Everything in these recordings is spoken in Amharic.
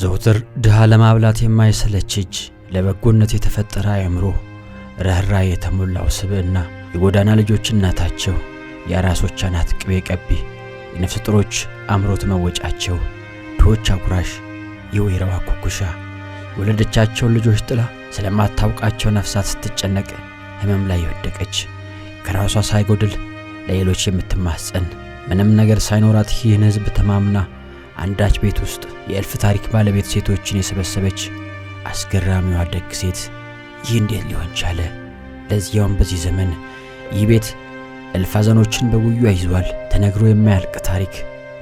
ዘውትር ድሃ ለማብላት የማይሰለች እጅ፣ ለበጎነት የተፈጠረ አእምሮ፣ ርኅራኄ የተሞላው ስብዕና፣ የጎዳና ልጆች እናታቸው፣ የአራሶች አናት ቅቤ ቀቢ፣ የነፍሰ ጥሮች አምሮት መወጫቸው፣ ድሆች አጉራሽ፣ የወይራዋ ኩኩሻ፣ የወለደቻቸውን ልጆች ጥላ ስለማታውቃቸው ነፍሳት ስትጨነቅ ሕመም ላይ የወደቀች ከራሷ ሳይጎድል ለሌሎች የምትማጸን ምንም ነገር ሳይኖራት ይህን ሕዝብ ተማምና አንዳች ቤት ውስጥ የእልፍ ታሪክ ባለቤት ሴቶችን የሰበሰበች አስገራሚዋ ደግ ሴት። ይህ እንዴት ሊሆን ቻለ? ለዚያውም በዚህ ዘመን ይህ ቤት እልፍ ሐዘኖችን በውዩ ይዟል። ተነግሮ የማያልቅ ታሪክ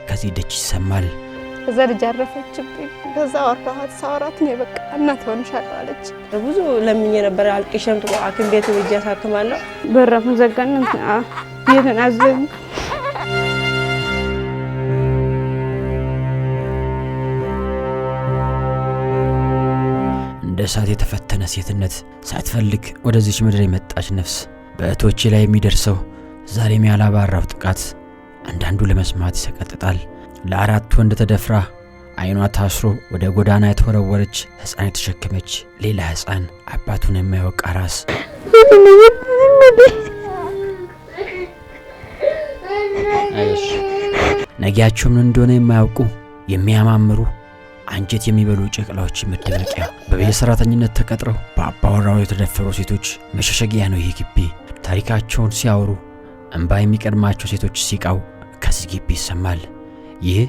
ከዚህ ደጅ ይሰማል። እዛ ልጅ አረፈችብኝ። በዛ ወርዳኋት ሳወራት ነው በቃ እናት ሆንሻለሁ አለች። ብዙ ለምኝ ነበር። አልቅሸምት ሐኪም ቤት ብጃ ሳክማለሁ በረፉን ዘጋን ቤትን አዘኝ እንደ እሳት የተፈተነ ሴትነት ሳትፈልግ ወደዚች ምድር የመጣች ነፍስ በእህቶቼ ላይ የሚደርሰው ዛሬም ያላባራው ጥቃት አንዳንዱ ለመስማት ይሰቀጥጣል። ለአራት ወንድ ተደፍራ አይኗ ታስሮ ወደ ጎዳና የተወረወረች ሕፃን የተሸከመች ሌላ ሕፃን አባቱን የማይወቅ አራስ ነጊያቸው ምን እንደሆነ የማያውቁ የሚያማምሩ አንጀት የሚበሉ ጨቅላዎች መደበቂያ፣ በቤት ሰራተኝነት ተቀጥረው በአባወራው የተደፈሩ ሴቶች መሸሸጊያ ነው ይህ ግቢ። ታሪካቸውን ሲያወሩ እንባ የሚቀድማቸው ሴቶች ሲቃው ከዚህ ግቢ ይሰማል። ይህ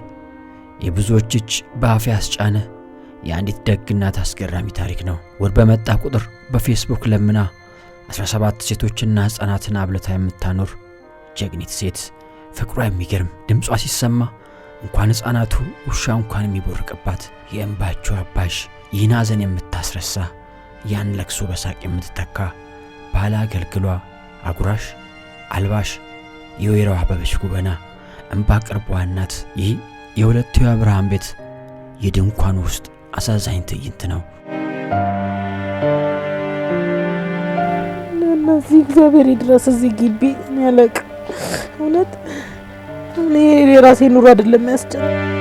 የብዙዎች እጅ በአፍ ያስጫነ የአንዲት ደግናት አስገራሚ ታሪክ ነው። ወር በመጣ ቁጥር በፌስቡክ ለምና 17 ሴቶችና ሕፃናትን አብለታ የምታኖር ጀግኒት ሴት ፍቅሯ የሚገርም ድምጿ ሲሰማ እንኳን ሕፃናቱ ውሻ እንኳን የሚቦርቅባት የእንባቸው አባሽ ይህን ሐዘን የምታስረሳ ያን ለቅሶ በሳቅ የምትተካ ባለ አገልግሏ አጉራሽ አልባሽ የወይራዋ አበበች ጉበና እንባ ቅርቧ እናት ይህ የሁለቱ የአብርሃም ቤት የድንኳኑ ውስጥ አሳዛኝ ትዕይንት ነው። እነዚህ እግዚአብሔር ይድረስ እዚህ ግቢ ያለቅ እውነት የራሴ ኑሮ አይደለም ያስጨ